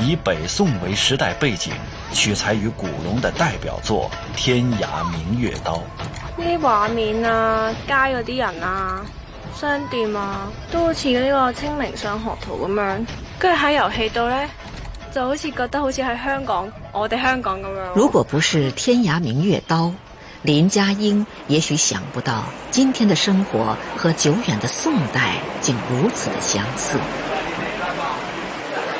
以北宋為時代背景，取材於古龍的代表作《天涯明月刀》。呢啲畫面啊，街嗰啲人啊，商店啊，都好似呢個清明上河圖咁樣。跟住喺遊戲度咧，就好似覺得好似喺香港，我哋香港咁樣。如果不是《天涯明月刀》，林嘉英也許想不到，今天的生活和久遠的宋代竟如此的相似。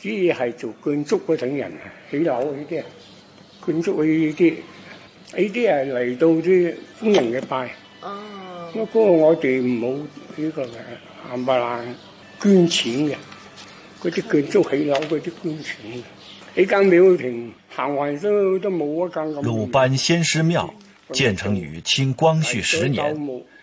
主要係做建築嗰種人，起樓呢啲，建築呢啲，呢啲啊嚟到啲歡迎嘅拜。哦、這個。不過我哋唔好呢個冚唪唥捐錢嘅，嗰啲建築起樓嗰啲捐錢，幾間廟庭行運都都冇一間咁。魯班先師廟建成於清光緒十年。